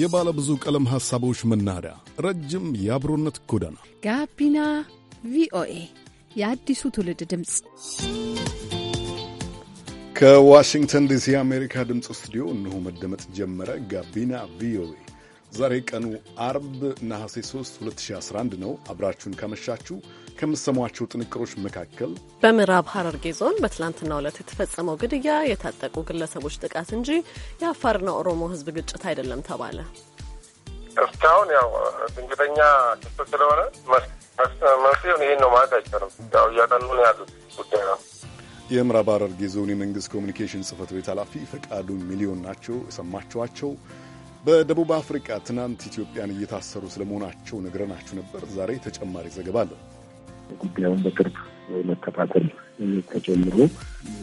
የባለ ብዙ ቀለም ሐሳቦች መናኸሪያ፣ ረጅም የአብሮነት ጎዳና፣ ጋቢና ቪኦኤ የአዲሱ ትውልድ ድምፅ ከዋሽንግተን ዲሲ የአሜሪካ ድምፅ ስቱዲዮ እነሆ መደመጥ ጀመረ። ጋቢና ቪኦኤ ዛሬ ቀኑ አርብ ነሐሴ 3 2011 ነው። አብራችሁን ከመሻችሁ ከምሰሟቸው ጥንቅሮች መካከል በምዕራብ ሀረርጌ ዞን በትላንትናው ዕለት የተፈጸመው ግድያ የታጠቁ ግለሰቦች ጥቃት እንጂ የአፋርና ኦሮሞ ህዝብ ግጭት አይደለም ተባለ። እስካሁን ያው ድንገተኛ ክስተት ስለሆነ መፍትሄውን ይህን ነው ማለት አይቻልም። ያው ያሉት ጉዳይ ነው። የምዕራብ ሐረርጌ ዞን የመንግስት ኮሚኒኬሽን ጽህፈት ቤት ኃላፊ ፈቃዱ ሚሊዮን ናቸው የሰማችኋቸው። በደቡብ አፍሪቃ ትናንት ኢትዮጵያን እየታሰሩ ስለመሆናቸው ነግረናችሁ ነበር። ዛሬ ተጨማሪ ዘገባ አለን። ጉዳዩን በቅርብ መከታተል ተጀምሮ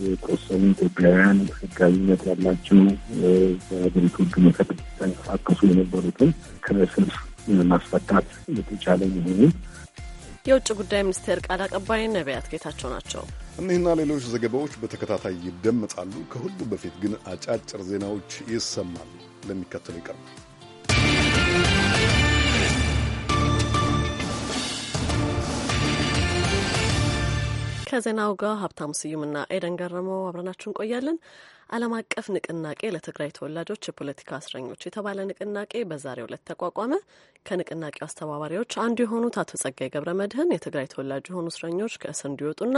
የተወሰኑ ኢትዮጵያውያን ህጋዊነት ያላቸው በሀገሪቱ ህግ መሰረት ተንቀሳቀሱ የነበሩትን ከእስር ማስፈታት የተቻለ መሆኑን የውጭ ጉዳይ ሚኒስቴር ቃል አቀባይ ነቢያት ጌታቸው ናቸው። እኒህና ሌሎች ዘገባዎች በተከታታይ ይደመጣሉ። ከሁሉ በፊት ግን አጫጭር ዜናዎች ይሰማሉ። ለሚከተሉ ይቀርባል። ከዜናው ጋር ሀብታም ስዩምና ኤደን ገረመው አብረናችሁ እንቆያለን። ዓለም አቀፍ ንቅናቄ ለትግራይ ተወላጆች የፖለቲካ እስረኞች የተባለ ንቅናቄ በዛሬው ዕለት ተቋቋመ። ከንቅናቄው አስተባባሪዎች አንዱ የሆኑት አቶ ጸጋይ ገብረ መድህን የትግራይ ተወላጅ የሆኑ እስረኞች ከእስር እንዲወጡና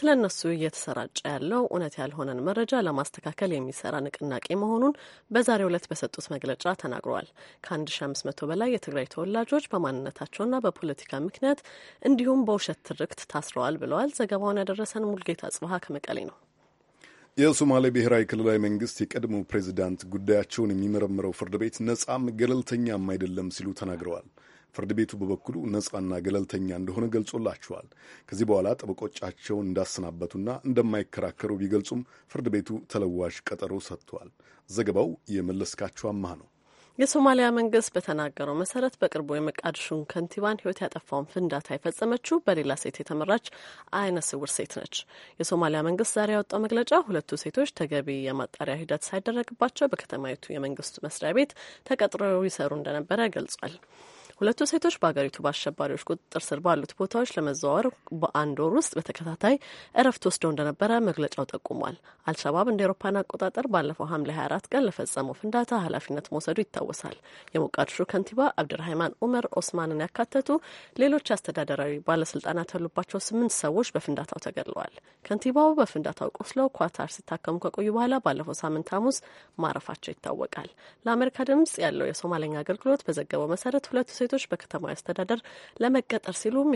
ስለ እነሱ እየተሰራጨ ያለው እውነት ያልሆነን መረጃ ለማስተካከል የሚሰራ ንቅናቄ መሆኑን በዛሬው ዕለት በሰጡት መግለጫ ተናግረዋል። ከ1500 በላይ የትግራይ ተወላጆች በማንነታቸውና በፖለቲካ ምክንያት እንዲሁም በውሸት ትርክት ታስረዋል ብለዋል። ዘገባውን ያደረሰን ሙልጌታ ጽብሀ ከመቀሌ ነው። የሶማሌ ብሔራዊ ክልላዊ መንግስት የቀድሞ ፕሬዚዳንት ጉዳያቸውን የሚመረምረው ፍርድ ቤት ነጻም ገለልተኛም አይደለም ሲሉ ተናግረዋል። ፍርድ ቤቱ በበኩሉ ነጻና ገለልተኛ እንደሆነ ገልጾላቸዋል። ከዚህ በኋላ ጠበቆቻቸውን እንዳሰናበቱና እንደማይከራከሩ ቢገልጹም ፍርድ ቤቱ ተለዋሽ ቀጠሮ ሰጥቷል። ዘገባው የመለስካቸው አማህ ነው። የሶማሊያ መንግስት በተናገረው መሰረት በቅርቡ የመቃድሹን ከንቲባን ህይወት ያጠፋውን ፍንዳታ የፈጸመችው በሌላ ሴት የተመራች አይነ ስውር ሴት ነች። የሶማሊያ መንግስት ዛሬ ያወጣው መግለጫ ሁለቱ ሴቶች ተገቢ የማጣሪያ ሂደት ሳይደረግባቸው በከተማይቱ የመንግስቱ መስሪያ ቤት ተቀጥረው ይሰሩ እንደነበረ ገልጿል። ሁለቱ ሴቶች በሀገሪቱ በአሸባሪዎች ቁጥጥር ስር ባሉት ቦታዎች ለመዘዋወር በአንድ ወር ውስጥ በተከታታይ እረፍት ወስደው እንደነበረ መግለጫው ጠቁሟል። አልሸባብ እንደ ኤሮፓን አቆጣጠር ባለፈው ሐምሌ 24 ቀን ለፈጸመው ፍንዳታ ኃላፊነት መውሰዱ ይታወሳል። የሞቃዲሾ ከንቲባ አብድርሃይማን ኡመር ኦስማንን ያካተቱ ሌሎች አስተዳደራዊ ባለስልጣናት ያሉባቸው ስምንት ሰዎች በፍንዳታው ተገድለዋል። ከንቲባው በፍንዳታው ቆስለው ኳታር ሲታከሙ ከቆዩ በኋላ ባለፈው ሳምንት ሐሙስ ማረፋቸው ይታወቃል። ለአሜሪካ ድምጽ ያለው የሶማለኛ አገልግሎት በዘገበው መሰረት ሁለቱ ሴቶች በከተማ አስተዳደር ለመቀጠር ሲሉም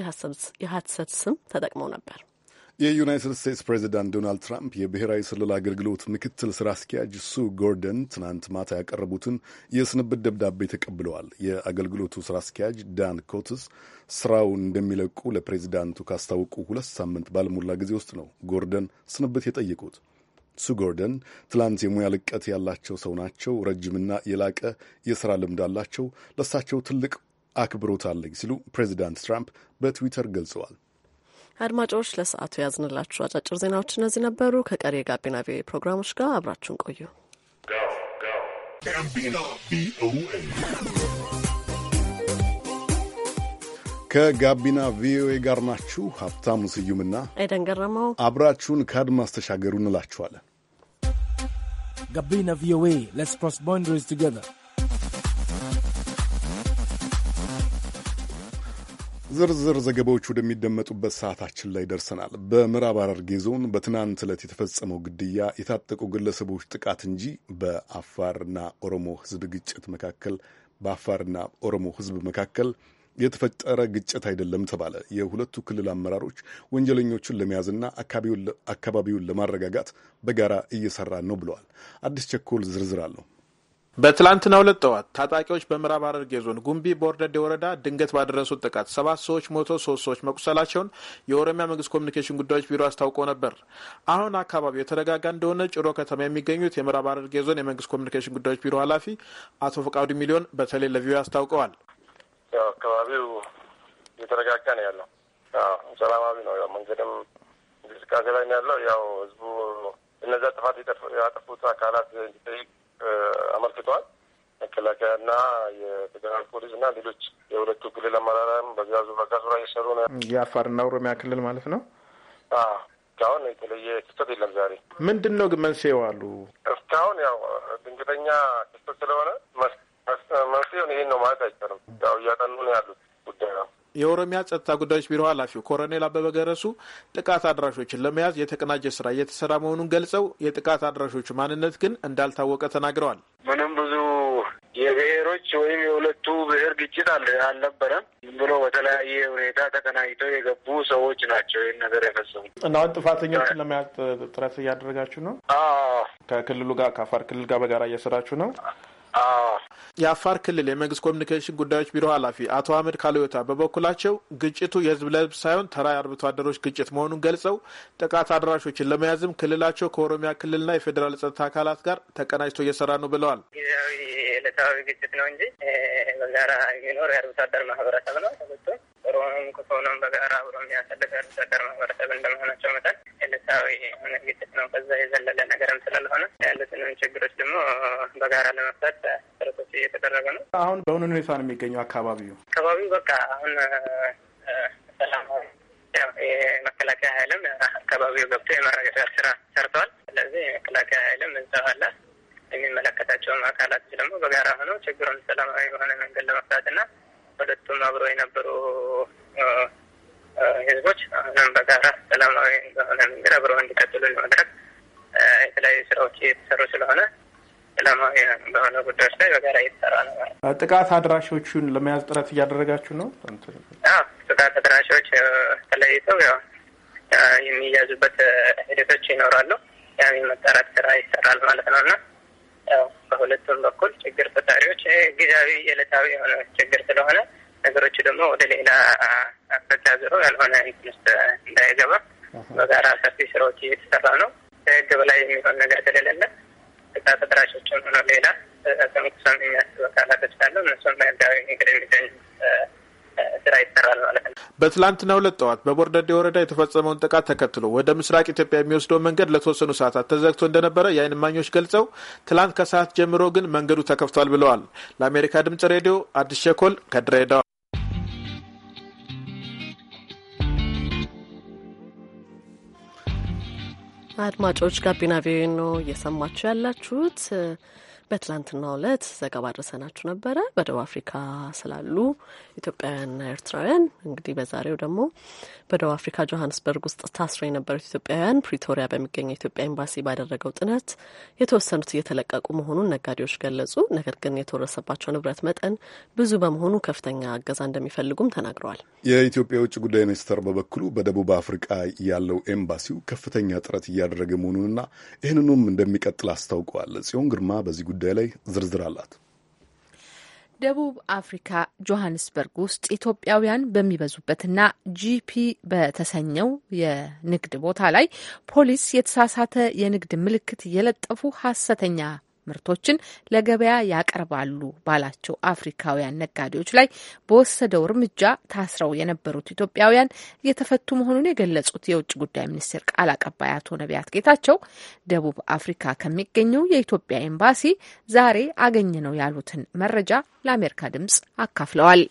የሀሰት ስም ተጠቅመው ነበር። የዩናይትድ ስቴትስ ፕሬዚዳንት ዶናልድ ትራምፕ የብሔራዊ ስልል አገልግሎት ምክትል ስራ አስኪያጅ ሱ ጎርደን ትናንት ማታ ያቀረቡትን የስንብት ደብዳቤ ተቀብለዋል። የአገልግሎቱ ስራ አስኪያጅ ዳን ኮትስ ስራውን እንደሚለቁ ለፕሬዚዳንቱ ካስታወቁ ሁለት ሳምንት ባልሞላ ጊዜ ውስጥ ነው ጎርደን ስንብት የጠየቁት። ሱ ጎርደን ትላንት የሙያ ልቀት ያላቸው ሰው ናቸው። ረጅምና የላቀ የስራ ልምድ አላቸው። ለእሳቸው ትልቅ አክብሮት አለኝ ሲሉ ፕሬዚዳንት ትራምፕ በትዊተር ገልጸዋል። አድማጮች ለሰዓቱ ያዝንላችሁ አጫጭር ዜናዎች እነዚህ ነበሩ። ከቀሪ የጋቢና ቪኦኤ ፕሮግራሞች ጋር አብራችሁን ቆዩ። ከጋቢና ቪኦኤ ጋር ናችሁ። ሀብታሙ ስዩምና ኤደን ገረመው አብራችሁን ከአድማስ ተሻገሩ እንላችኋለን። ጋቢና ቪኦኤ ሌትስ ክሮስ ባውንደሪስ ቱጌዘር ዝርዝር ዘገባዎች ወደሚደመጡበት ሰዓታችን ላይ ደርሰናል። በምዕራብ ሐረርጌ ዞን በትናንት ዕለት የተፈጸመው ግድያ የታጠቁ ግለሰቦች ጥቃት እንጂ በአፋርና ኦሮሞ ሕዝብ ግጭት መካከል በአፋርና ኦሮሞ ሕዝብ መካከል የተፈጠረ ግጭት አይደለም ተባለ። የሁለቱ ክልል አመራሮች ወንጀለኞቹን ለመያዝና አካባቢውን ለማረጋጋት በጋራ እየሰራ ነው ብለዋል። አዲስ ቸኮል ዝርዝር አለው። በትላንትናው ሁለት ጠዋት ታጣቂዎች በምዕራብ ሐረርጌ ዞን ጉምቢ ቦርደዴ ወረዳ ድንገት ባደረሱት ጥቃት ሰባት ሰዎች ሞቶ ሶስት ሰዎች መቁሰላቸውን የኦሮሚያ መንግስት ኮሚኒኬሽን ጉዳዮች ቢሮ አስታውቆ ነበር። አሁን አካባቢው የተረጋጋ እንደሆነ ጭሮ ከተማ የሚገኙት የምዕራብ ሐረርጌ ዞን የመንግስት ኮሚኒኬሽን ጉዳዮች ቢሮ ኃላፊ አቶ ፈቃዱ ሚሊዮን በተለይ ለቪዮ አስታውቀዋል። አካባቢው እየተረጋጋ ነው ያለው፣ ሰላማዊ ነው። ያው መንገድም እንቅስቃሴ ላይ ነው ያለው። ያው ህዝቡ እነዚያ ጥፋት ያጠፉት አካላት እንዲጠይቅ አመልክተዋል። መከላከያና የፌዴራል ፖሊስ እና ሌሎች የሁለቱ ክልል አመራራም በዛ ዙራ እየሰሩ ነው። የአፋርና ኦሮሚያ ክልል ማለት ነው። እስካሁን የተለየ ክስተት የለም። ዛሬ ምንድን ነው ግን መንስኤው አሉ። እስካሁን ያው ድንገተኛ ክስተት ስለሆነ መንስኤውን ይሄን ነው ማለት አይቻልም። ያው እያጠኑ ነው ያሉት ጉዳይ ነው። የኦሮሚያ ጸጥታ ጉዳዮች ቢሮ ኃላፊው ኮሎኔል አበበ ገረሱ ጥቃት አድራሾችን ለመያዝ የተቀናጀ ስራ እየተሰራ መሆኑን ገልጸው የጥቃት አድራሾቹ ማንነት ግን እንዳልታወቀ ተናግረዋል። ምንም ብዙ የብሔሮች ወይም የሁለቱ ብሔር ግጭት አልነበረም። ዝም ብሎ በተለያየ ሁኔታ ተቀናጅተው የገቡ ሰዎች ናቸው ይህን ነገር የፈጸሙ እና አሁን ጥፋተኞችን ለመያዝ ጥረት እያደረጋችሁ ነው? ከክልሉ ጋር ከአፋር ክልል ጋር በጋራ እየሰራችሁ ነው? አዎ የአፋር ክልል የመንግስት ኮሚኒኬሽን ጉዳዮች ቢሮ ኃላፊ አቶ አህመድ ካልዮታ በበኩላቸው ግጭቱ የህዝብ ለህዝብ ሳይሆን ተራ የአርብቶ አደሮች ግጭት መሆኑን ገልጸው ጥቃት አድራሾችን ለመያዝም ክልላቸው ከኦሮሚያ ክልልና የፌዴራል ጸጥታ አካላት ጋር ተቀናጅቶ እየሰራ ነው ብለዋል። ጊዜያዊ ዕለታዊ ግጭት ነው እንጂ በጋራ የሚኖር የአርብቶ አደር ማህበረሰብ ነው። ኦሮሞም ኮሶኖም በጋራ አብሮ የሚያሳልፍ የአርብቶ አደር ማህበረሰብ እንደመሆናቸው መጠን መሰለታዊ የሆነ ግጭት ነው። ከዛ የዘለለ ነገርም ስላልሆነ ያሉትንም ችግሮች ደግሞ በጋራ ለመፍታት ጥረቶች እየተደረገ ነው። አሁን በአሁኑ ሁኔታ ነው የሚገኘው አካባቢው አካባቢው በቃ አሁን ሰላማዊ የመከላከያ ኃይልም አካባቢው ገብቶ የማረጋጋት ስራ ሰርተዋል። ስለዚህ የመከላከያ ኃይልም እዛው አለ። የሚመለከታቸውም አካላት ደግሞ በጋራ ሆኖ ችግሩን ሰላማዊ በሆነ መንገድ ለመፍታትና ሁለቱም አብሮ የነበሩ ህዝቦች አሁንም በጋራ ሰላማዊ በሆነ መንገድ አብረው እንዲቀጥሉ ለማድረግ የተለያዩ ስራዎች እየተሰሩ ስለሆነ ሰላማዊ በሆነ ጉዳዮች ላይ በጋራ እየተሰራ ነው ጥቃት አድራሾቹን ለመያዝ ጥረት እያደረጋችሁ ነው? ጥቃት አድራሾች ተለይተው ያው የሚያዙበት ሂደቶች ይኖራሉ። ያ የመጣራት ስራ ይሰራል ማለት ነው እና ያው በሁለቱም በኩል ችግር ፈጣሪዎች ጊዜያዊ የዕለታዊ የሆነ ችግር ስለሆነ ነገሮች ደግሞ ወደ ሌላ አቅጣጫ ዝሮ ያልሆነ ህግ ውስጥ እንዳይገባ በጋራ ሰፊ ስራዎች እየተሰራ ነው። ከህግ በላይ የሚሆን ነገር ስለሌለ ጥቃት አድራሾችም ሆነ ሌላ ተንኩሰን የሚያስብ አካላቶች ካሉ እነሱም ህጋዊ ንግድ የሚገኝ ስራ ይሰራል ማለት ነው። በትላንትና ሁለት ጠዋት በቦርደዴ ወረዳ የተፈጸመውን ጥቃት ተከትሎ ወደ ምስራቅ ኢትዮጵያ የሚወስደው መንገድ ለተወሰኑ ሰዓታት ተዘግቶ እንደነበረ የአይን ማኞች ገልጸው ትላንት ከሰዓት ጀምሮ ግን መንገዱ ተከፍቷል ብለዋል። ለአሜሪካ ድምጽ ሬዲዮ አዲስ ሸኮል ከድሬዳዋ አድማጮች ጋቢና ቪኦኤ ነው እየሰማችሁ ያላችሁት። በትላንትናው ዕለት ዘገባ አድርሰናችሁ ነበረ በደቡብ አፍሪካ ስላሉ ኢትዮጵያውያንና ኤርትራውያን። እንግዲህ በዛሬው ደግሞ በደቡብ አፍሪካ ጆሀንስበርግ ውስጥ ታስሮ የነበሩት ኢትዮጵያውያን ፕሪቶሪያ በሚገኘው የኢትዮጵያ ኤምባሲ ባደረገው ጥናት የተወሰኑት እየተለቀቁ መሆኑን ነጋዴዎች ገለጹ። ነገር ግን የተወረሰባቸው ንብረት መጠን ብዙ በመሆኑ ከፍተኛ እገዛ እንደሚፈልጉም ተናግረዋል። የኢትዮጵያ የውጭ ጉዳይ ሚኒስቴር በበኩሉ በደቡብ አፍሪካ ያለው ኤምባሲው ከፍተኛ ጥረት እያደረገ መሆኑንና ይህንኑም እንደሚቀጥል አስታውቀዋል። ጽዮን ግርማ በዚህ ጉዳይ ላይ ዝርዝር አላት። ደቡብ አፍሪካ ጆሀንስበርግ ውስጥ ኢትዮጵያውያን በሚበዙበትና ጂፒ በተሰኘው የንግድ ቦታ ላይ ፖሊስ የተሳሳተ የንግድ ምልክት የለጠፉ ሀሰተኛ ። ምርቶችን ለገበያ ያቀርባሉ ባላቸው አፍሪካውያን ነጋዴዎች ላይ በወሰደው እርምጃ ታስረው የነበሩት ኢትዮጵያውያን እየተፈቱ መሆኑን የገለጹት የውጭ ጉዳይ ሚኒስቴር ቃል አቀባይ አቶ ነቢያት ጌታቸው ደቡብ አፍሪካ ከሚገኘው የኢትዮጵያ ኤምባሲ ዛሬ አገኘ ነው ያሉትን መረጃ ለአሜሪካ ድምጽ አካፍለዋል።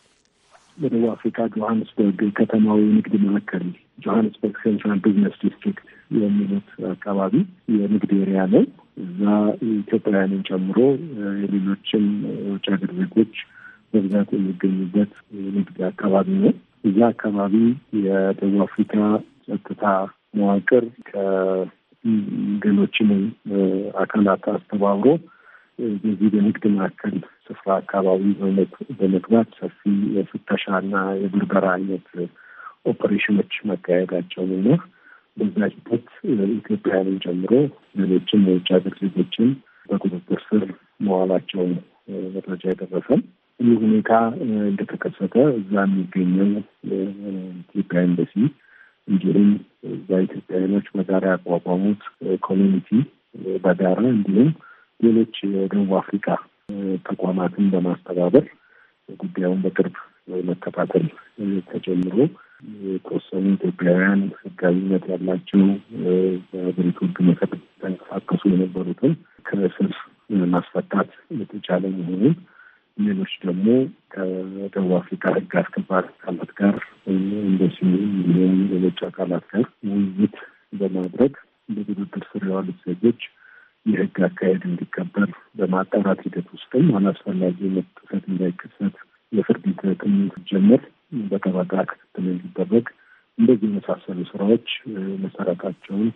በደቡብ አፍሪካ ጆሀንስበርግ ከተማዊ ንግድ መካከል ጆሀንስበርግ ሴንትራል ቢዝነስ ዲስትሪክት የሚሉት አካባቢ የንግድ ኤሪያ ነው። እዛ ኢትዮጵያውያንን ጨምሮ የሌሎችም ውጭ ሀገር ዜጎች በብዛት የሚገኙበት ንግድ አካባቢ ነው። እዛ አካባቢ የደቡብ አፍሪካ ጸጥታ መዋቅር ከሌሎችም አካላት አስተባብሮ በዚህ በንግድ መካከል ስፍራ አካባቢ በመግባት ሰፊ የፍተሻና የብርበራ አይነት ኦፐሬሽኖች ነው። በዛ ሂደት ኢትዮጵያውያንን ጨምሮ ሌሎችም የውጭ ሀገር ዜጎችን በቁጥጥር ስር መዋላቸው መረጃ የደረሰን። ይህ ሁኔታ እንደተከሰተ እዛ የሚገኘው ኢትዮጵያ ኤምባሲ እንዲሁም እዛ ኢትዮጵያውያኖች በጋራ ያቋቋሙት ኮሚኒቲ በጋራ እንዲሁም ሌሎች የደቡብ አፍሪካ ተቋማትን በማስተባበር ጉዳዩን በቅርብ መከታተል ተጀምሮ የተወሰኑ ኢትዮጵያውያን ህጋዊነት ያላቸው በሀገሪቱ ህግ መሰረት ተንቀሳቀሱ የነበሩትን ከእስር ማስፈታት የተቻለ መሆኑን ሌሎች ደግሞ ከደቡብ አፍሪካ ህግ አስከባሪ አካላት ጋር እንደሲሆ ሊሆኑ ሌሎች አካላት ጋር ውይይት በማድረግ በቁጥጥር ስር የዋሉት ዜጎች የህግ አካሄድ እንዲከበር በማጣራት ሂደት ውስጥም አላስፈላጊ መብት እንዳይከሰት የፍርድ ሂደት እንዲጀመር በተባቃቅ እነዚህ የመሳሰሉ ስራዎች መሰረታቸውን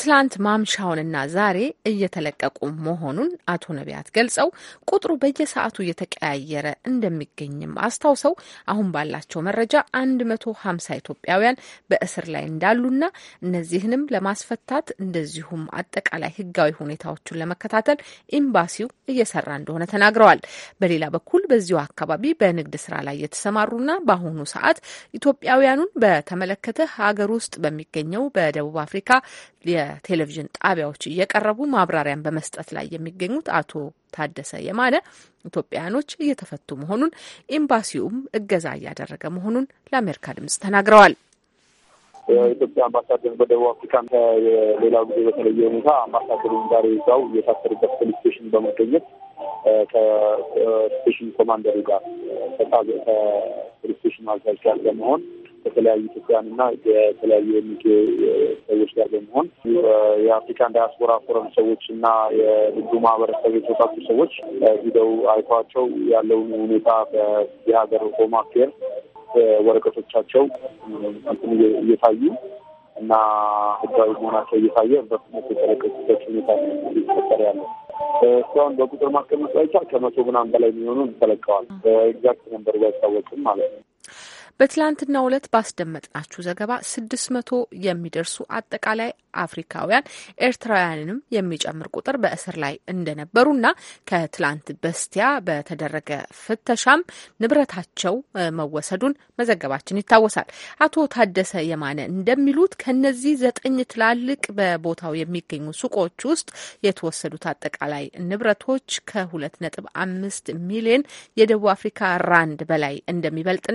ትላንት ማምሻውንና ዛሬ እየተለቀቁ መሆኑን አቶ ነቢያት ገልጸው ቁጥሩ በየሰዓቱ እየተቀያየረ እንደሚገኝም አስታውሰው አሁን ባላቸው መረጃ ሀምሳ ኢትዮጵያውያን በእስር ላይ እንዳሉና እነዚህንም ለማስፈታት እንደዚሁም አጠቃላይ ህጋዊ ሁኔታዎችን ለመከታተል ኤምባሲው እየሰራ እንደሆነ ተናግረዋል። በሌላ በኩል በዚሁ አካባቢ በንግድ ስራ ላይ የተሰማሩና በአሁኑ ሰዓት ኢትዮጵያውያኑን በተመለከተ ሀገር ውስጥ በሚገኘው በደቡብ አፍሪካ የቴሌቪዥን ጣቢያዎች እየቀረቡ ማብራሪያን በመስጠት ላይ የሚገኙት አቶ ታደሰ የማነ ኢትዮጵያውያኖች እየተፈቱ መሆኑን ኤምባሲውም እገዛ እያደረገ መሆኑን ለአሜሪካ ድምጽ ተናግረዋል። የኢትዮጵያ አምባሳደር በደቡብ አፍሪካ የሌላው ጊዜ በተለየ ሁኔታ አምባሳደሩን ዛሬ ይዛው እየታሰሩበት ፖሊስ ስቴሽን በመገኘት ከስቴሽን ኮማንደሩ ጋር ከፖሊስ ስቴሽን አዛዥ ጋር በመሆን ከተለያዩ ኢትዮጵያን እና የተለያዩ የሚገ ሰዎች ጋር በመሆን የአፍሪካን ዳያስፖራ ፎረም ሰዎች እና የህዱ ማህበረሰብ የተወጣጡ ሰዎች ሂደው አይተዋቸው ያለውን ሁኔታ የሀገር ሆም አፌር ወረቀቶቻቸው እንትን እየታዩ እና ህጋዊ መሆናቸው እየታየ በፍጥነት የተለቀቁበት ሁኔታ ሊፈጠር ያለ እስካሁን በቁጥር ማስቀመጥ አይቻል ከመቶ ምናምን በላይ የሚሆኑ ተለቀዋል። ኤግዛክት ነንበሩ አይታወቅም ማለት ነው። በትላንትናው ዕለት ባስደመጥናችሁ ዘገባ ስድስት መቶ የሚደርሱ አጠቃላይ አፍሪካውያን ኤርትራውያንንም የሚጨምር ቁጥር በእስር ላይ እንደነበሩ ና ከትላንት በስቲያ በተደረገ ፍተሻም ንብረታቸው መወሰዱን መዘገባችን ይታወሳል። አቶ ታደሰ የማነ እንደሚሉት ከነዚህ ዘጠኝ ትላልቅ በቦታው የሚገኙ ሱቆች ውስጥ የተወሰዱት አጠቃላይ ንብረቶች ከሁለት ነጥብ አምስት ሚሊዮን የደቡብ አፍሪካ ራንድ በላይ እንደሚበልጥና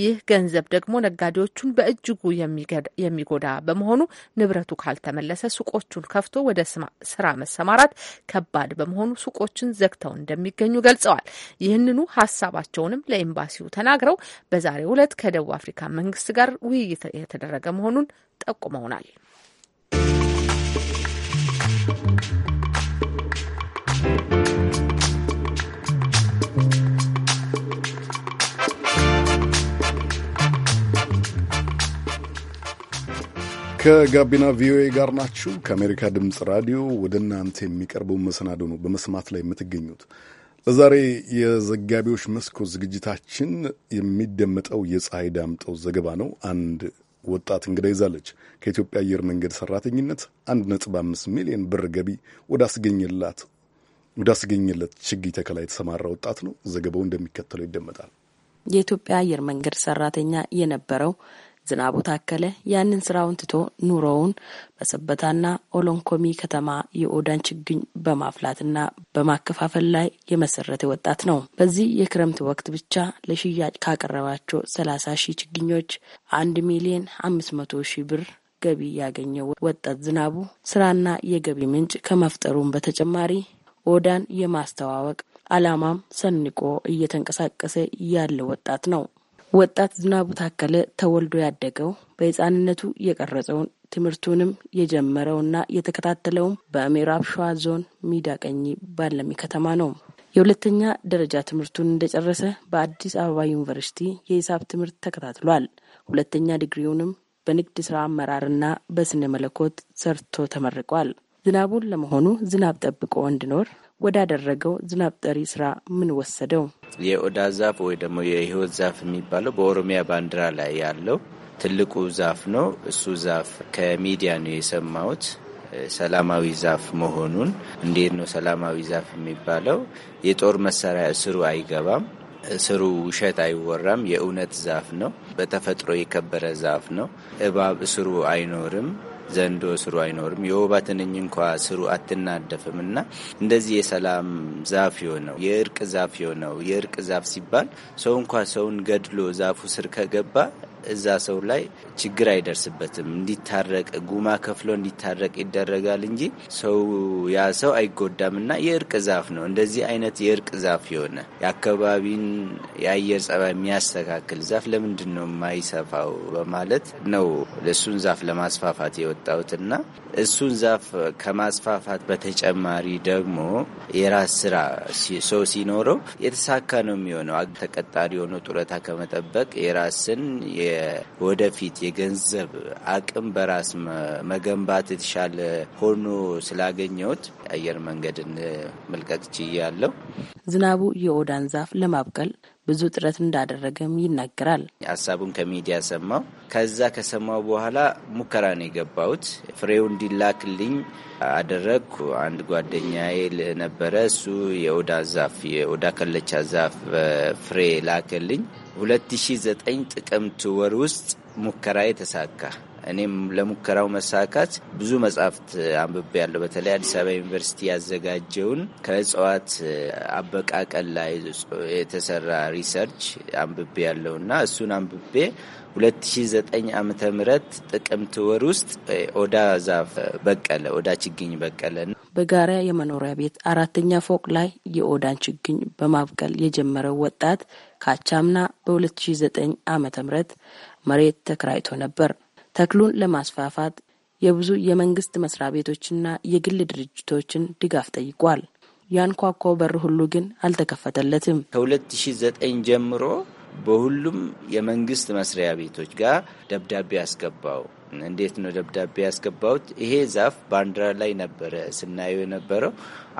ይህ ገንዘብ ደግሞ ነጋዴዎቹን በእጅጉ የሚጎዳ በመሆኑ ንብረቱ ካልተመለሰ ሱቆቹን ከፍቶ ወደ ስራ መሰማራት ከባድ በመሆኑ ሱቆችን ዘግተው እንደሚገኙ ገልጸዋል። ይህንኑ ሀሳባቸውንም ለኤምባሲው ተናግረው በዛሬው ዕለት ከደቡብ አፍሪካ መንግስት ጋር ውይይት የተደረገ መሆኑን ጠቁመውናል። ከጋቢና ቪኦኤ ጋር ናችሁ። ከአሜሪካ ድምፅ ራዲዮ ወደ እናንተ የሚቀርበው መሰናዶ ነው በመስማት ላይ የምትገኙት። ለዛሬ የዘጋቢዎች መስኮት ዝግጅታችን የሚደመጠው የፀሐይ ዳምጠው ዘገባ ነው። አንድ ወጣት እንግዳ ይዛለች። ከኢትዮጵያ አየር መንገድ ሰራተኝነት አምስት ሚሊዮን ብር ገቢ ወዳስገኝለት ችግኝ ተከላ የተሰማራ ወጣት ነው። ዘገባው እንደሚከተለው ይደመጣል። የኢትዮጵያ አየር መንገድ ሰራተኛ የነበረው ዝናቡ ታከለ ያንን ስራውን ትቶ ኑሮውን በሰበታና ኦሎንኮሚ ከተማ የኦዳን ችግኝ በማፍላትና በማከፋፈል ላይ የመሰረተ ወጣት ነው። በዚህ የክረምት ወቅት ብቻ ለሽያጭ ካቀረባቸው ሰላሳ ሺህ ችግኞች አንድ ሚሊዮን አምስት መቶ ሺህ ብር ገቢ ያገኘው ወጣት ዝናቡ ስራና የገቢ ምንጭ ከመፍጠሩም በተጨማሪ ኦዳን የማስተዋወቅ ዓላማም ሰንቆ እየተንቀሳቀሰ ያለ ወጣት ነው። ወጣት ዝናቡ ታከለ ተወልዶ ያደገው በህፃንነቱ የቀረጸውን ትምህርቱንም የጀመረውና የተከታተለውም በምዕራብ ሸዋ ዞን ሚዳ ቀኝ ባለሚ ከተማ ነው። የሁለተኛ ደረጃ ትምህርቱን እንደጨረሰ በአዲስ አበባ ዩኒቨርሲቲ የሂሳብ ትምህርት ተከታትሏል። ሁለተኛ ዲግሪውንም በንግድ ስራ አመራርና በስነ መለኮት ሰርቶ ተመርቋል። ዝናቡን ለመሆኑ ዝናብ ጠብቆ እንዲኖር ወዳደረገው ዝናብ ጠሪ ስራ ምን ወሰደው? የኦዳ ዛፍ ወይ ደግሞ የህይወት ዛፍ የሚባለው በኦሮሚያ ባንዲራ ላይ ያለው ትልቁ ዛፍ ነው። እሱ ዛፍ ከሚዲያ ነው የሰማሁት ሰላማዊ ዛፍ መሆኑን። እንዴት ነው ሰላማዊ ዛፍ የሚባለው? የጦር መሳሪያ እስሩ አይገባም። ስሩ ውሸት አይወራም። የእውነት ዛፍ ነው። በተፈጥሮ የከበረ ዛፍ ነው። እባብ እስሩ አይኖርም። ዘንዶ ስሩ አይኖርም፣ የወባ ትንኝ እንኳ ስሩ አትናደፍም እና እንደዚህ የሰላም ዛፍ የሆነው የእርቅ ዛፍ የሆነው የእርቅ ዛፍ ሲባል ሰው እንኳ ሰውን ገድሎ ዛፉ ስር ከገባ እዛ ሰው ላይ ችግር አይደርስበትም። እንዲታረቅ ጉማ ከፍሎ እንዲታረቅ ይደረጋል እንጂ ሰው ያ ሰው አይጎዳም እና የእርቅ ዛፍ ነው። እንደዚህ አይነት የእርቅ ዛፍ የሆነ የአካባቢን የአየር ጸባይ የሚያስተካክል ዛፍ ለምንድን ነው የማይሰፋው? በማለት ነው እሱን ዛፍ ለማስፋፋት የወጣሁት እና እሱን ዛፍ ከማስፋፋት በተጨማሪ ደግሞ የራስ ስራ ሰው ሲኖረው የተሳካ ነው የሚሆነው ተቀጣሪ የሆነ ጡረታ ከመጠበቅ የራስን ወደፊት የገንዘብ አቅም በራስ መገንባት የተሻለ ሆኖ ስላገኘሁት አየር መንገድን መልቀቅ ችያለሁ። ዝናቡ የኦዳን ዛፍ ለማብቀል ብዙ ጥረት እንዳደረገም ይናገራል። ሀሳቡን ከሚዲያ ሰማው። ከዛ ከሰማው በኋላ ሙከራ ነው የገባሁት። ፍሬው እንዲላክልኝ አደረግኩ። አንድ ጓደኛዬ ነበረ፣ እሱ የኦዳ ዛፍ የኦዳ ከለቻ ዛፍ ፍሬ ላክልኝ። 2009 ጥቅምት ወር ውስጥ ሙከራ ተሳካ። እኔም ለሙከራው መሳካት ብዙ መጽሐፍት አንብቤ ያለው በተለይ አዲስ አበባ ዩኒቨርሲቲ ያዘጋጀውን ከእጽዋት አበቃቀል ላይ የተሰራ ሪሰርች አንብቤ ያለው እና እሱን አንብቤ 2009 ዓ ም ጥቅምት ወር ውስጥ ኦዳ ዛፍ በቀለ ኦዳ ችግኝ በቀለ በጋራ የመኖሪያ ቤት አራተኛ ፎቅ ላይ የኦዳን ችግኝ በማብቀል የጀመረው ወጣት ካቻምና በ2009 ዓ ም መሬት ተከራይቶ ነበር። ተክሉን ለማስፋፋት የብዙ የመንግስት መስሪያ ቤቶችና የግል ድርጅቶችን ድጋፍ ጠይቋል። ያንኳኳው በር ሁሉ ግን አልተከፈተለትም። ከ2009 ጀምሮ በሁሉም የመንግስት መስሪያ ቤቶች ጋር ደብዳቤ ያስገባው። እንዴት ነው ደብዳቤ ያስገባሁት? ይሄ ዛፍ ባንዲራ ላይ ነበረ ስናየው የነበረው።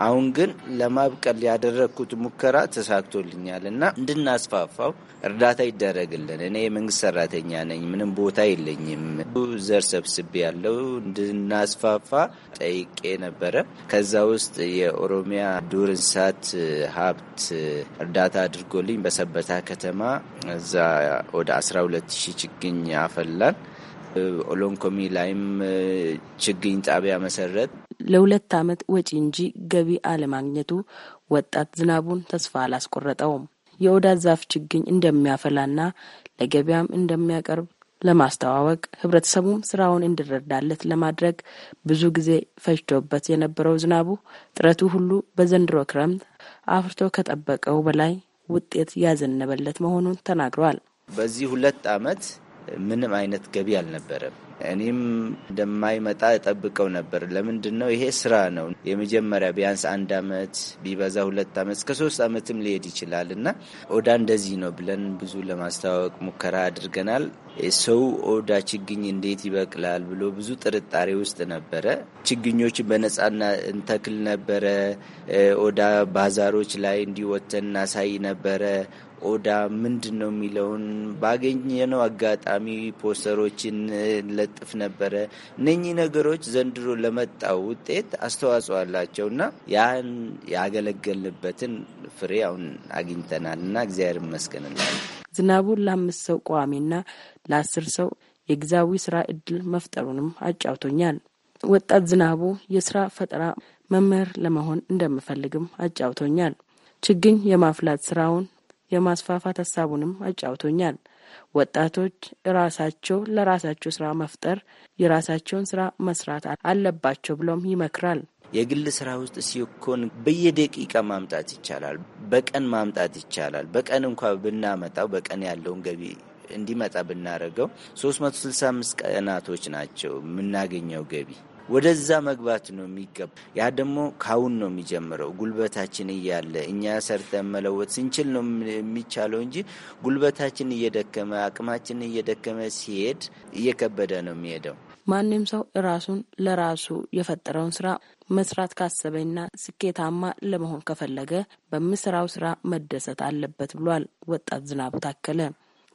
አሁን ግን ለማብቀል ያደረግኩት ሙከራ ተሳክቶልኛል እና እንድናስፋፋው እርዳታ ይደረግልን። እኔ የመንግስት ሰራተኛ ነኝ፣ ምንም ቦታ የለኝም። ዘር ሰብስቤ ያለው እንድናስፋፋ ጠይቄ ነበረ። ከዛ ውስጥ የኦሮሚያ ዱር እንስሳት ሀብት እርዳታ አድርጎልኝ በሰበታ ከተማ እዛ ወደ 12 ሺህ ችግኝ አፈላን። ኦሎንኮሚ ላይም ችግኝ ጣቢያ መሰረት ለሁለት ዓመት ወጪ እንጂ ገቢ አለማግኘቱ ወጣት ዝናቡን ተስፋ አላስቆረጠውም። የኦዳ ዛፍ ችግኝ እንደሚያፈላና ለገበያም እንደሚያቀርብ ለማስተዋወቅ ህብረተሰቡም ስራውን እንዲረዳለት ለማድረግ ብዙ ጊዜ ፈጅቶበት የነበረው ዝናቡ ጥረቱ ሁሉ በዘንድሮ ክረምት አፍርቶ ከጠበቀው በላይ ውጤት ያዘነበለት መሆኑን ተናግረዋል። በዚህ ሁለት ዓመት ምንም አይነት ገቢ አልነበረም። እኔም እንደማይመጣ እጠብቀው ነበር። ለምንድን ነው ይሄ ስራ ነው የመጀመሪያ ቢያንስ አንድ አመት ቢበዛ ሁለት አመት እስከ ሶስት አመትም ሊሄድ ይችላል እና ኦዳ እንደዚህ ነው ብለን ብዙ ለማስተዋወቅ ሙከራ አድርገናል። ሰው ኦዳ ችግኝ እንዴት ይበቅላል ብሎ ብዙ ጥርጣሬ ውስጥ ነበረ። ችግኞች በነጻና እንተክል ነበረ። ኦዳ ባዛሮች ላይ እንዲወተን እናሳይ ነበረ። ኦዳ ምንድን ነው የሚለውን ባገኘነው አጋጣሚ ፖስተሮችን ለጥፍ ነበረ። እነኚህ ነገሮች ዘንድሮ ለመጣው ውጤት አስተዋጽኦ አላቸው እና ያን ያገለገልንበትን ፍሬ አሁን አግኝተናል እና እግዚአብሔር ይመስገን። ዝናቡ ለአምስት ሰው ቋሚና ለአስር ሰው የግዛዊ ስራ እድል መፍጠሩንም አጫውቶኛል። ወጣት ዝናቡ የስራ ፈጠራ መምህር ለመሆን እንደምፈልግም አጫውቶኛል። ችግኝ የማፍላት ስራውን የማስፋፋት ሀሳቡንም አጫውቶኛል። ወጣቶች ራሳቸው ለራሳቸው ስራ መፍጠር፣ የራሳቸውን ስራ መስራት አለባቸው ብሎም ይመክራል። የግል ስራ ውስጥ ሲኮን በየደቂቃ ማምጣት ይቻላል። በቀን ማምጣት ይቻላል። በቀን እንኳ ብናመጣው በቀን ያለውን ገቢ እንዲመጣ ብናደርገው 365 ቀናቶች ናቸው የምናገኘው ገቢ ወደዛ መግባት ነው የሚገባ። ያ ደግሞ ካሁን ነው የሚጀምረው። ጉልበታችን እያለ እኛ ሰርተን መለወጥ ስንችል ነው የሚቻለው እንጂ ጉልበታችን እየደከመ አቅማችን እየደከመ ሲሄድ እየከበደ ነው የሚሄደው። ማንም ሰው ራሱን ለራሱ የፈጠረውን ስራ መስራት ካሰበና ስኬታማ ለመሆን ከፈለገ በምስራው ስራ መደሰት አለበት ብሏል ወጣት ዝናቡ ታከለ።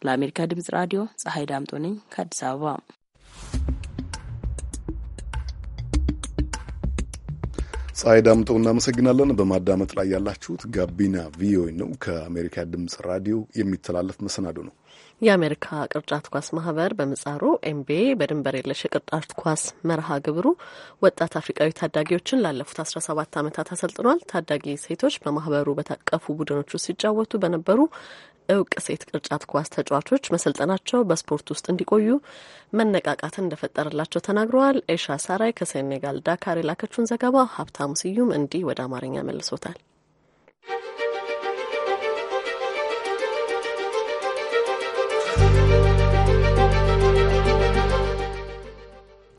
ለአሜሪካ ድምጽ ራዲዮ ፀሐይ ዳምጦ ነኝ ከአዲስ አበባ። ፀሐይ ዳምጠው እናመሰግናለን። በማዳመጥ ላይ ያላችሁት ጋቢና ቪኦኤ ነው፣ ከአሜሪካ ድምጽ ራዲዮ የሚተላለፍ መሰናዶ ነው። የአሜሪካ ቅርጫት ኳስ ማህበር በምጻሩ ኤምቢኤ በድንበር የለሽ የቅርጫት ኳስ መርሃ ግብሩ ወጣት አፍሪካዊ ታዳጊዎችን ላለፉት አስራ ሰባት ዓመታት አሰልጥኗል። ታዳጊ ሴቶች በማህበሩ በታቀፉ ቡድኖች ውስጥ ሲጫወቱ በነበሩ እውቅ ሴት ቅርጫት ኳስ ተጫዋቾች መሰልጠናቸው በስፖርት ውስጥ እንዲቆዩ መነቃቃትን እንደፈጠረላቸው ተናግረዋል። ኤሻ ሳራይ ከሴኔጋል ዳካር የላከችውን ዘገባ ሀብታሙ ስዩም እንዲህ ወደ አማርኛ መልሶታል።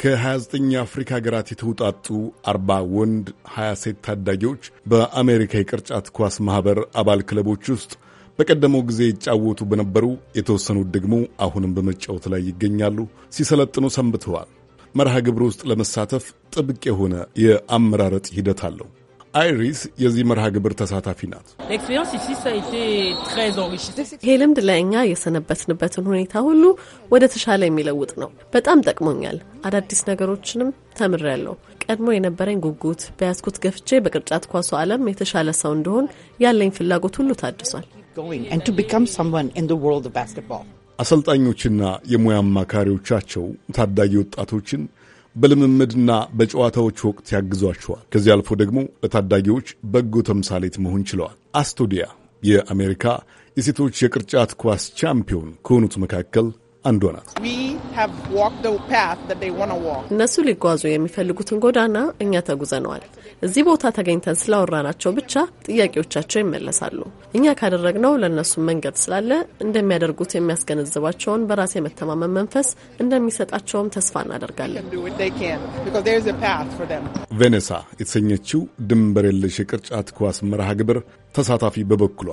ከ29 የአፍሪካ ሀገራት የተውጣጡ 40 ወንድ 20 ሴት ታዳጊዎች በአሜሪካ የቅርጫት ኳስ ማኅበር አባል ክለቦች ውስጥ በቀደመው ጊዜ ይጫወቱ በነበሩ የተወሰኑት ደግሞ አሁንም በመጫወት ላይ ይገኛሉ፣ ሲሰለጥኑ ሰንብተዋል። መርሃ ግብር ውስጥ ለመሳተፍ ጥብቅ የሆነ የአመራረጥ ሂደት አለው። አይሪስ የዚህ መርሃ ግብር ተሳታፊ ናት። ይሄ ልምድ ለእኛ የሰነበትንበትን ሁኔታ ሁሉ ወደ ተሻለ የሚለውጥ ነው። በጣም ጠቅሞኛል። አዳዲስ ነገሮችንም ተምሬያለሁ። ቀድሞ የነበረኝ ጉጉት በያዝኩት ገፍቼ በቅርጫት ኳሱ ዓለም የተሻለ ሰው እንደሆን ያለኝ ፍላጎት ሁሉ ታድሷል። አሰልጣኞችና የሙያ አማካሪዎቻቸው ታዳጊ ወጣቶችን በልምምድና በጨዋታዎች ወቅት ያግዟቸዋል። ከዚህ አልፎ ደግሞ ለታዳጊዎች በጎ ተምሳሌት መሆን ችለዋል። አስቶዲያ የአሜሪካ የሴቶች የቅርጫት ኳስ ቻምፒዮን ከሆኑት መካከል አንዷ ናት። እነሱ ሊጓዙ የሚፈልጉትን ጎዳና እኛ ተጉዘነዋል። እዚህ ቦታ ተገኝተን ስላወራናቸው ብቻ ጥያቄዎቻቸው ይመለሳሉ። እኛ ካደረግነው ለእነሱ መንገድ ስላለ እንደሚያደርጉት የሚያስገነዝባቸውን በራስ የመተማመን መንፈስ እንደሚሰጣቸውም ተስፋ እናደርጋለን። ቬኔሳ የተሰኘችው ድንበር የለሽ የቅርጫት ኳስ መርሃ ግብር ተሳታፊ በበኩሏ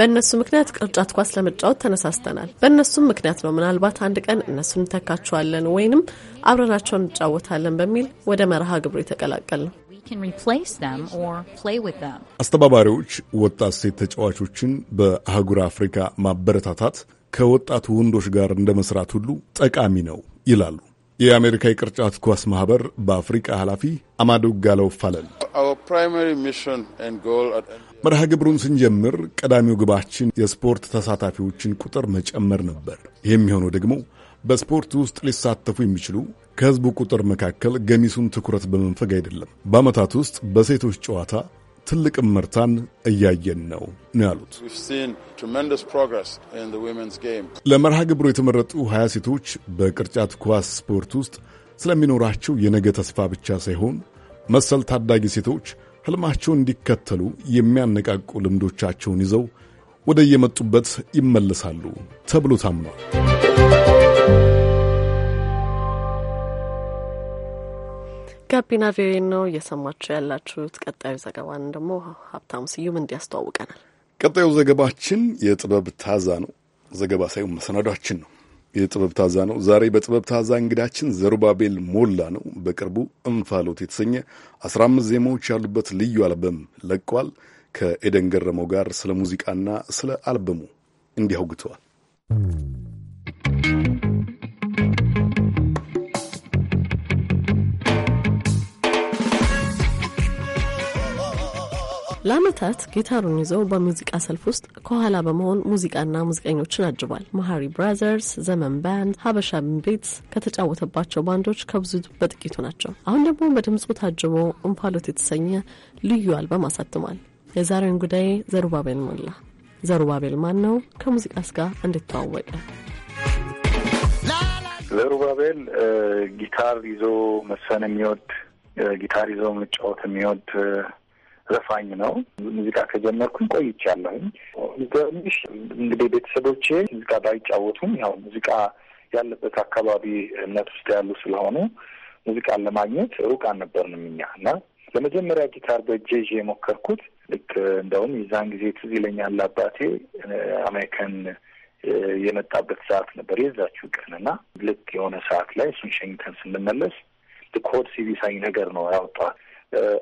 በእነሱ ምክንያት ቅርጫት ኳስ ለመጫወት ተነሳስተናል። በእነሱም ምክንያት ነው ምናልባት አንድ ቀን እነሱን እንተካቸዋለን ወይንም አብረናቸውን እንጫወታለን በሚል ወደ መርሃ ግብሩ የተቀላቀል ነው። አስተባባሪዎች ወጣት ሴት ተጫዋቾችን በአህጉር አፍሪካ ማበረታታት ከወጣቱ ወንዶች ጋር እንደ መስራት ሁሉ ጠቃሚ ነው ይላሉ። የአሜሪካ የቅርጫት ኳስ ማህበር በአፍሪቃ ኃላፊ አማዶ ጋለው ፋለል መርሃ ግብሩን ስንጀምር ቀዳሚው ግባችን የስፖርት ተሳታፊዎችን ቁጥር መጨመር ነበር። ይህም የሆነው ደግሞ በስፖርት ውስጥ ሊሳተፉ የሚችሉ ከህዝቡ ቁጥር መካከል ገሚሱን ትኩረት በመንፈግ አይደለም። በዓመታት ውስጥ በሴቶች ጨዋታ ትልቅም ምርታን እያየን ነው ነው ያሉት። ለመርሃ ግብሩ የተመረጡ ሀያ ሴቶች በቅርጫት ኳስ ስፖርት ውስጥ ስለሚኖራቸው የነገ ተስፋ ብቻ ሳይሆን መሰል ታዳጊ ሴቶች ህልማቸውን እንዲከተሉ የሚያነቃቁ ልምዶቻቸውን ይዘው ወደ የመጡበት ይመለሳሉ ተብሎ ታምኗል። ጋቢና ቪኦኤ ነው እየሰማችሁ ያላችሁት። ቀጣዩ ዘገባን ደግሞ ሀብታሙ ስዩም እንዲያስተዋውቀናል። ቀጣዩ ዘገባችን የጥበብ ታዛ ነው። ዘገባ ሳይሆን መሰናዷችን ነው። የጥበብ ታዛ ነው። ዛሬ በጥበብ ታዛ እንግዳችን ዘሩባቤል ሞላ ነው። በቅርቡ እንፋሎት የተሰኘ አስራ አምስት ዜማዎች ያሉበት ልዩ አልበም ለቋል። ከኤደን ገረመው ጋር ስለ ሙዚቃና ስለ አልበሙ እንዲያውግተዋል። ለአመታት ጊታሩን ይዞ በሙዚቃ ሰልፍ ውስጥ ከኋላ በመሆን ሙዚቃና ሙዚቀኞችን አጅቧል። መሃሪ ብራዘርስ፣ ዘመን ባንድ፣ ሀበሻ ቤትስ ከተጫወተባቸው ባንዶች ከብዙ በጥቂቱ ናቸው። አሁን ደግሞ በድምፁ ታጅቦ እንፋሎት የተሰኘ ልዩ አልበም አሳትሟል። የዛሬን ጉዳይ ዘሩባቤል ሞላ። ዘሩባቤል ማን ነው? ከሙዚቃስ ጋር እንዴት ተዋወቀ? ዘሩባቤል ጊታር ይዞ መሰን የሚወድ ጊታር ይዞ መጫወት የሚወድ ዘፋኝ ነው። ሙዚቃ ከጀመርኩኝ ቆይቻለሁኝ። ትንሽ እንግዲህ ቤተሰቦቼ ሙዚቃ ባይጫወቱም ያው ሙዚቃ ያለበት አካባቢ እምነት ውስጥ ያሉ ስለሆኑ ሙዚቃን ለማግኘት ሩቅ አልነበርንም እኛ እና ለመጀመሪያ ጊታር በእጄ ይዤ የሞከርኩት ልክ እንደውም የዛን ጊዜ ትዝ ይለኛል አባቴ አሜሪካን የመጣበት ሰዓት ነበር የዛችው ቀን እና ልክ የሆነ ሰዓት ላይ እሱን ሸኝተን ስንመለስ ልክ ሆድ ሲቪሳኝ ነገር ነው ያወጣት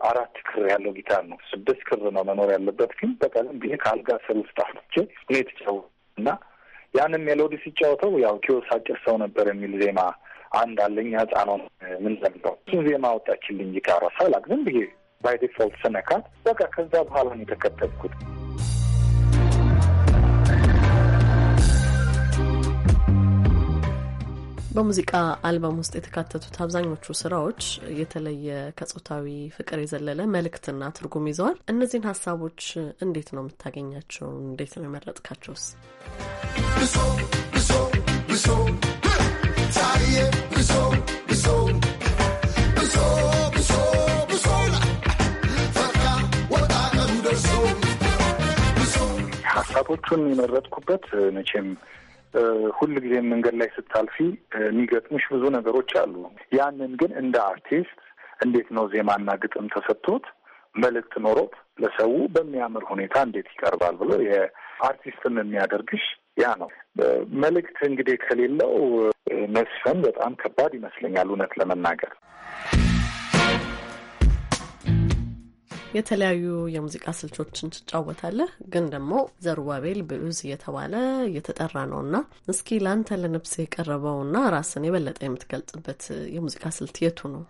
አራት ክር ያለው ጊታር ነው። ስድስት ክር ነው መኖር ያለበት ግን በቀለም ይሄ ከአልጋ ስር ውስጥ አፍቼ ሁኔ የተጫወት እና ያንን ሜሎዲ ሲጫወተው ያው ኪዮስ አጭር ሰው ነበር የሚል ዜማ አንድ አለኝ ህጻኖ ምን ዘምተው እሱን ዜማ አወጣችልኝ ጊታሯ ሳላቅ ዝም ብዬ ባይ ዲፎልት ስነካት በቃ ከዛ በኋላ ነው የተከተልኩት። በሙዚቃ አልበም ውስጥ የተካተቱት አብዛኞቹ ስራዎች የተለየ ከጾታዊ ፍቅር የዘለለ መልእክትና ትርጉም ይዘዋል። እነዚህን ሀሳቦች እንዴት ነው የምታገኛቸው? እንዴት ነው የመረጥካቸውስ? ሀሳቦቹን የመረጥኩበት መቼም ሁል ጊዜ መንገድ ላይ ስታልፊ የሚገጥሙሽ ብዙ ነገሮች አሉ። ያንን ግን እንደ አርቲስት እንዴት ነው ዜማና ግጥም ተሰጥቶት መልእክት ኖሮት ለሰው በሚያምር ሁኔታ እንዴት ይቀርባል ብሎ የአርቲስትም የሚያደርግሽ ያ ነው። መልእክት እንግዲህ ከሌለው መስፈን በጣም ከባድ ይመስለኛል እውነት ለመናገር። የተለያዩ የሙዚቃ ስልቶችን ትጫወታለህ፣ ግን ደግሞ ዘሩባቤል ብሉዝ እየተባለ እየተጠራ ነውና እስኪ ለአንተ ለነፍስ ና ራስን የበለጠ የምትገልጽበት የሙዚቃ ስልት የቱ ነው?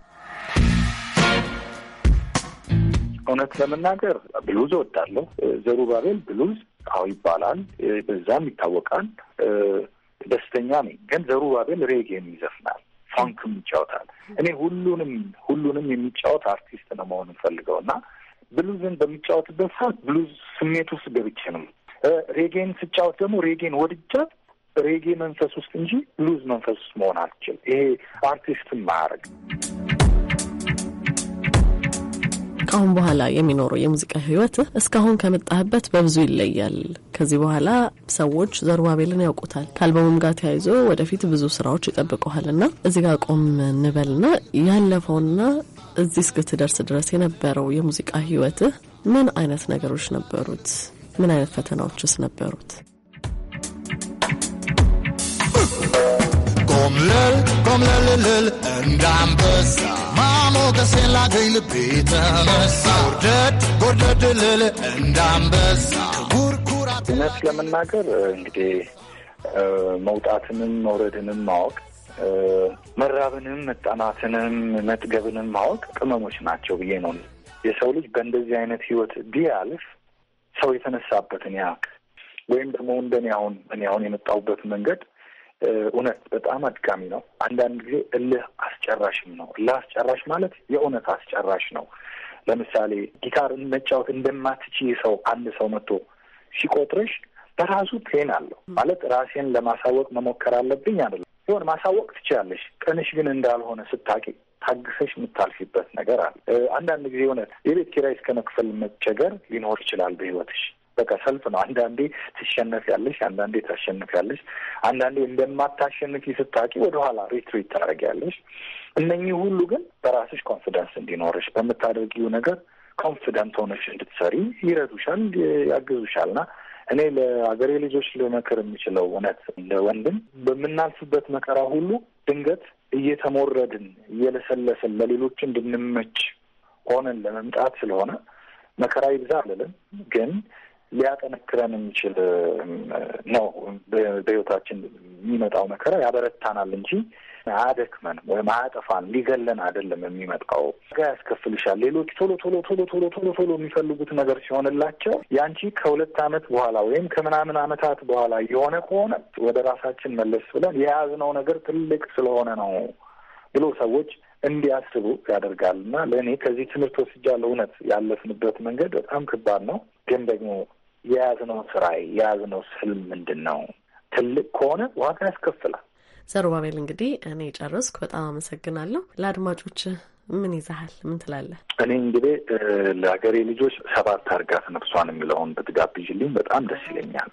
እውነት ለመናገር ብሉዝ እወዳለሁ። ዘሩባቤል ብሉዝ አዎ ይባላል፣ በዛም ይታወቃል። ደስተኛ ነኝ። ግን ዘሩባቤል ሬጌም ይዘፍናል፣ ፋንክም ይጫወታል። እኔ ሁሉንም ሁሉንም የሚጫወት አርቲስት ነው መሆን እንፈልገው እና ብሉዝን በሚጫወትበት ሰዓት ብሉዝ ስሜት ውስጥ ገብቼ ነው። ሬጌን ስጫወት ደግሞ ሬጌን ወድጃ ሬጌ መንፈስ ውስጥ እንጂ ብሉዝ መንፈስ ውስጥ መሆን አልችል። ይሄ አርቲስትን ማያደርግ ከአሁን በኋላ የሚኖረው የሙዚቃ ህይወትህ እስካሁን ከመጣህበት በብዙ ይለያል። ከዚህ በኋላ ሰዎች ዘሩባቤልን ያውቁታል። ከአልበሙም ጋር ተያይዞ ወደፊት ብዙ ስራዎች ይጠብቀዋል ና እዚህ ጋር ቆም ና ያለፈውና እዚህ እስክትደርስ ድረስ የነበረው የሙዚቃ ህይወትህ ምን አይነት ነገሮች ነበሩት? ምን አይነት ፈተናዎችስ ነበሩት? ቆምለል ቆምለልልል እንዳንበሳ ማሞገሴን ላገኝ ልቤ ተነሳ ጎርደድ ጎርደድልል እንዳንበሳ ጉርኩራት እውነት ለመናገር እንግዲህ መውጣትንም መውረድንም ማወቅ መራብንም መጠማትንም መጥገብንም ማወቅ ቅመሞች ናቸው ብዬ ነው። የሰው ልጅ በእንደዚህ አይነት ህይወት ቢያልፍ ሰው የተነሳበትን ያህል ወይም ደግሞ እንደኔ አሁን እኔ አሁን የመጣሁበት መንገድ እውነት በጣም አድጋሚ ነው። አንዳንድ ጊዜ እልህ አስጨራሽም ነው። እልህ አስጨራሽ ማለት የእውነት አስጨራሽ ነው። ለምሳሌ ጊታር መጫወት እንደማትች ሰው አንድ ሰው መጥቶ ሲቆጥርሽ በራሱ ፔን አለው ማለት ራሴን ለማሳወቅ መሞከር አለብኝ አለ ሲሆን ማሳወቅ ትችላለሽ። ቀንሽ ግን እንዳልሆነ ስታቂ ታግሰሽ የምታልፊበት ነገር አለ። አንዳንድ ጊዜ እውነት የቤት ኪራይ እስከ መክፈል መቸገር ሊኖር ይችላል በህይወትሽ። በቃ ሰልፍ ነው። አንዳንዴ ትሸነፊያለሽ፣ አንዳንዴ ታሸንፊያለሽ፣ አንዳንዴ እንደማታሸንፊ ስታቂ ወደኋላ ሪትሪት ታደርጊያለሽ። እነኚህ ሁሉ ግን በራስሽ ኮንፊደንስ እንዲኖርሽ በምታደርጊው ነገር ኮንፊደንት ሆነሽ እንድትሰሪ ይረዱሻል፣ ያግዙሻል እና እኔ ለሀገሬ ልጆች ልመክር የሚችለው እውነት ለወንድም በምናልፍበት መከራ ሁሉ ድንገት እየተሞረድን እየለሰለስን ለሌሎች እንድንመች ሆነን ለመምጣት ስለሆነ መከራ ይብዛ አልልም፣ ግን ሊያጠነክረን የሚችል ነው። በህይወታችን የሚመጣው መከራ ያበረታናል እንጂ አያደክመንም ወይም አያጠፋንም። ሊገለን አይደለም የሚመጣው ጋ ያስከፍልሻል። ሌሎች ቶሎ ቶሎ ቶሎ ቶሎ ቶሎ ቶሎ የሚፈልጉት ነገር ሲሆንላቸው ያንቺ ከሁለት አመት በኋላ ወይም ከምናምን አመታት በኋላ የሆነ ከሆነ ወደ ራሳችን መለስ ብለን የያዝነው ነገር ትልቅ ስለሆነ ነው ብሎ ሰዎች እንዲያስቡ ያደርጋል። እና ለእኔ ከዚህ ትምህርት ወስጃለሁ። እውነት ያለፍንበት መንገድ በጣም ከባድ ነው፣ ግን ደግሞ የያዝነው ስራይ የያዝነው ስልም ምንድን ነው? ትልቅ ከሆነ ዋጋ ያስከፍላል። ዘሩባቤል እንግዲህ እኔ ጨረስኩ። በጣም አመሰግናለሁ። ለአድማጮች ምን ይዛሃል? ምን ትላለህ? እኔ እንግዲህ ለሀገሬ ልጆች ሰባት አርጋት ነፍሷን የሚለውን ብትጋብዥልኝ በጣም ደስ ይለኛል።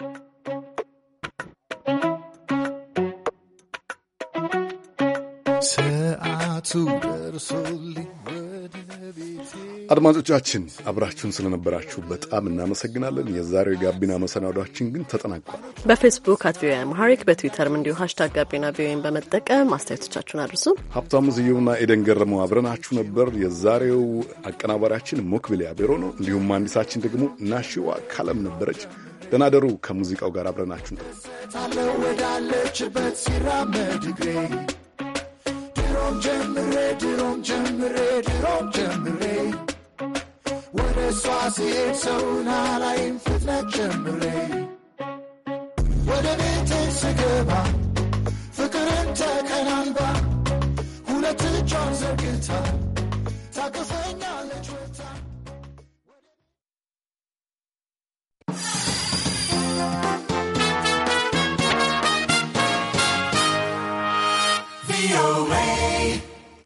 አድማጮቻችን አብራችሁን ስለነበራችሁ በጣም እናመሰግናለን። የዛሬው የጋቢና መሰናዷችን ግን ተጠናቋል። በፌስቡክ አት ቪኦኤ አማሃሪክ በትዊተርም እንዲሁ ሀሽታግ ጋቢና ቪኦኤን በመጠቀም አስተያየቶቻችሁን አድርሱ ሀብታሙ ዝየውና ኤደን ገረመው አብረናችሁ ነበር። የዛሬው አቀናባሪያችን ሞክቢል ያቤሮ ነው። እንዲሁም መሐንዲሳችን ደግሞ ናሽዋ ካለም ነበረች። ደናደሩ ከሙዚቃው ጋር አብረናችሁ ነው ድሮም ጀምሬ ድሮም ጀምሬ ድሮም ጀምሬ ወደ እሷ ሲሄድ ሰውና አላይም ፍጥነት ጀምሬ ወደ ቤቴ ስገባ ፍቅርን ተከናንባ ሁለት እጇን ዘርግታ ታቅፈኛለች።